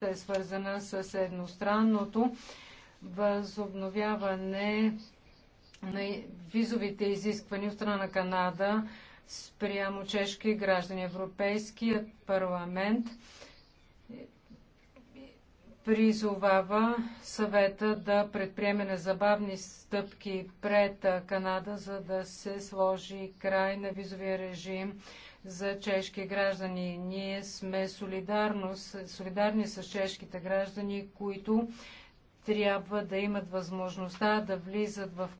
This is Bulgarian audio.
е свързана с едностранното възобновяване на визовите изисквания от страна на Канада спрямо чешки граждани. Европейският парламент призовава съвета да предприеме незабавни стъпки пред Канада, за да се сложи край на визовия режим за чешки граждани. Ние сме солидарни с чешките граждани, които трябва да имат възможността да влизат в